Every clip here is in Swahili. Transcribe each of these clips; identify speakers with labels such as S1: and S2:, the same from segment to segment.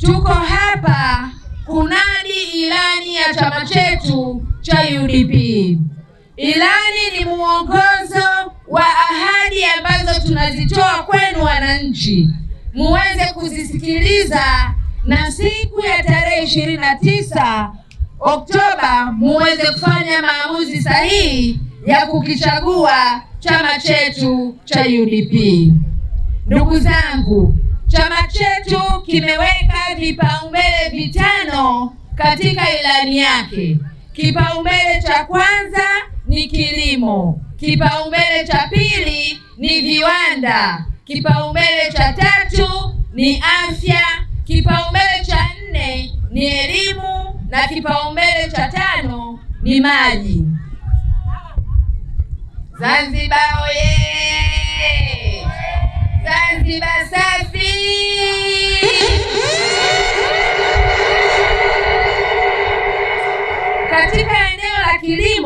S1: tuko hapa kunadi ilani ya chama chetu cha UDP. Ilani ni mwongozo wa ahadi ambazo tunazitoa kwenu wananchi, muweze kuzisikiliza na siku ya tarehe ishirini na tisa Oktoba muweze kufanya maamuzi sahihi ya kukichagua chama chetu cha UDP. Ndugu zangu Chama chetu kimeweka vipaumbele vitano katika ilani yake. Kipaumbele cha kwanza ni kilimo, kipaumbele cha pili ni viwanda, kipaumbele cha tatu ni afya, kipaumbele cha nne ni elimu na kipaumbele cha tano ni maji. Zanzibar oye!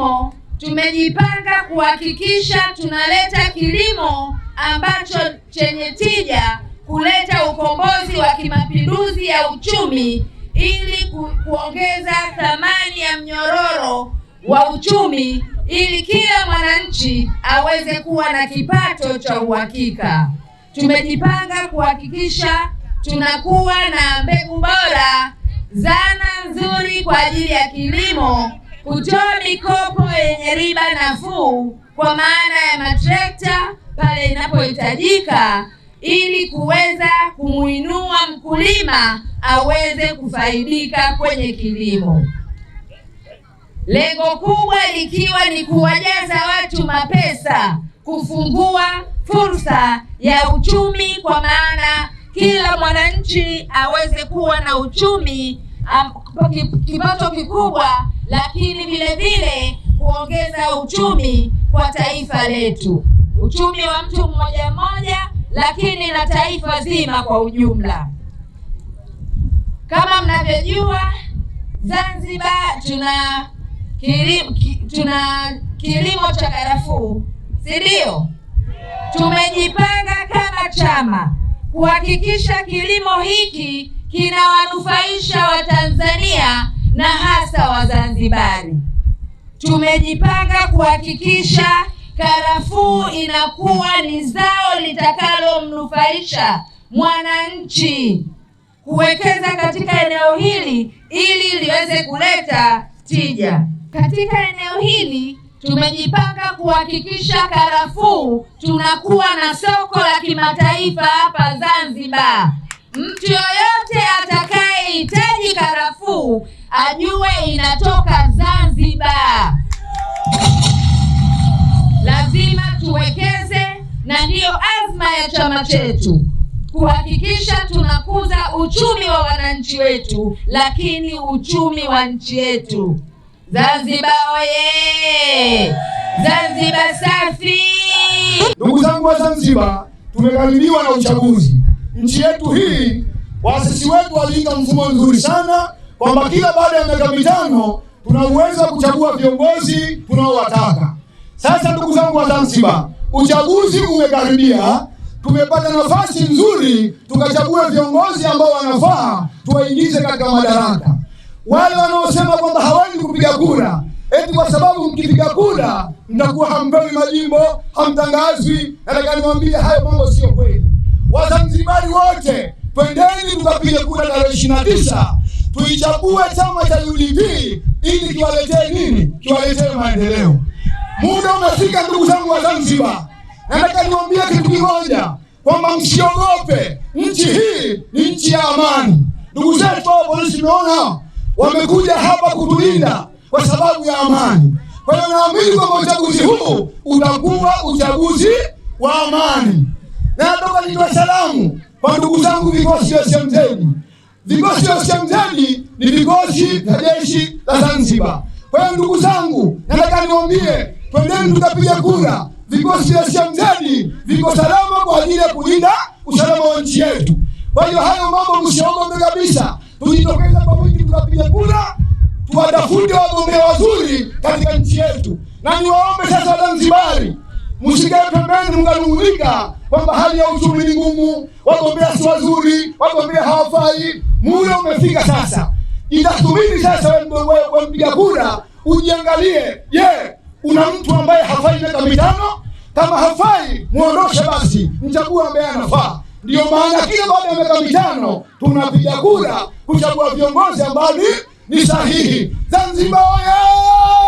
S1: kilimo tumejipanga kuhakikisha tunaleta kilimo ambacho chenye tija kuleta ukombozi wa kimapinduzi ya uchumi ili ku, kuongeza thamani ya mnyororo wa uchumi ili kila mwananchi aweze kuwa na kipato cha uhakika. Tumejipanga kuhakikisha tunakuwa na mbegu bora, zana nzuri kwa ajili ya kilimo kutoa mikopo yenye riba nafuu kwa maana ya matrekta pale inapohitajika ili kuweza kumuinua mkulima aweze kufaidika kwenye kilimo. Lengo kubwa likiwa ni kuwajaza watu mapesa, kufungua fursa ya uchumi, kwa maana kila mwananchi aweze kuwa na uchumi kipato kikubwa, lakini vile vile kuongeza uchumi kwa taifa letu, uchumi wa mtu mmoja mmoja, lakini na taifa zima kwa ujumla. Kama mnavyojua, Zanzibar tuna kilim, ki, tuna kilimo cha karafuu, si ndio? Tumejipanga kama chama kuhakikisha kilimo hiki kinawanufaisha Watanzania na hasa Wazanzibari tumejipanga kuhakikisha karafuu inakuwa ni zao litakalomnufaisha mwananchi, kuwekeza katika eneo hili ili liweze kuleta tija katika eneo hili. Tumejipanga kuhakikisha karafuu tunakuwa na soko la kimataifa hapa Zanzibar. Mtu yoyote atakayehitaji karafuu ajue inatoka Zanzibar. Zanzibar. Lazima tuwekeze, na ndiyo azma ya chama chetu kuhakikisha tunakuza uchumi wa wananchi wetu, lakini uchumi wa nchi yetu. Zanzibar oye! Zanzibar safi!
S2: Ndugu zangu wa Zanzibar, tumekaribiwa na uchaguzi. Nchi yetu hii, waasisi wetu waliika mfumo mzuri sana kwamba kila baada ya miaka mitano tuna uwezo wa kuchagua viongozi tunaowataka. Sasa ndugu zangu wa Zanzibar, uchaguzi umekaribia. Tumepata nafasi nzuri tukachague viongozi ambao wanafaa tuwaingize katika madaraka. Wale wanaosema kwamba hawaendi kupiga kura eti kwa sababu mkipiga kura mtakuwa hampewi majimbo, hamtangazwi, nataka niwaambie hayo mambo sio kweli. Wazanzibari wote twendeni tukapige kura tarehe ishirini na tisa tuichague chama cha UDP ili kiwaletee nini? Kiwaletee maendeleo. Muda umefika, ndugu zangu wa Zanzibar, nataka niwaambie kitu kimoja kwamba msiogope, nchi hii ni nchi ya amani. Ndugu zetu hao polisi, umeona wamekuja hapa kutulinda kwa sababu ya amani. Kwa hiyo naamini kwamba uchaguzi huu utakuwa uchaguzi wa amani. Natoka nitoa salamu kwa ndugu zangu vikosi vya SMZ, vikosi vya SMZ ni vikosi vya jeshi la Zanzibar. Kwa hiyo ndugu zangu, nataka niwaambie, twendeni tukapiga kura. Vikosi vya Siamzeni viko salama kwa ajili ya kulinda usalama wa nchi yetu. Kwa hiyo hayo mambo msiaogope kabisa, tujitokeza kwa wingi tukapiga kura, tuwatafute wagombea wazuri katika nchi yetu. Na niwaombe sasa Wazanzibari, msikae pembeni mkanung'unika kwamba hali ya uchumi ni ngumu, wagombea si wazuri, wagombea hawafai. Muda umefika sasa Jitathmini sasa, wewe mpiga kura, ujiangalie. Je, yeah, una mtu ambaye hafai miaka mitano? Kama hafai muondoshe, basi mchague ambaye anafaa. ndio maana kila baada ya miaka mitano tunapiga kura kuchagua viongozi ambao ni sahihi. Zanzibar oye!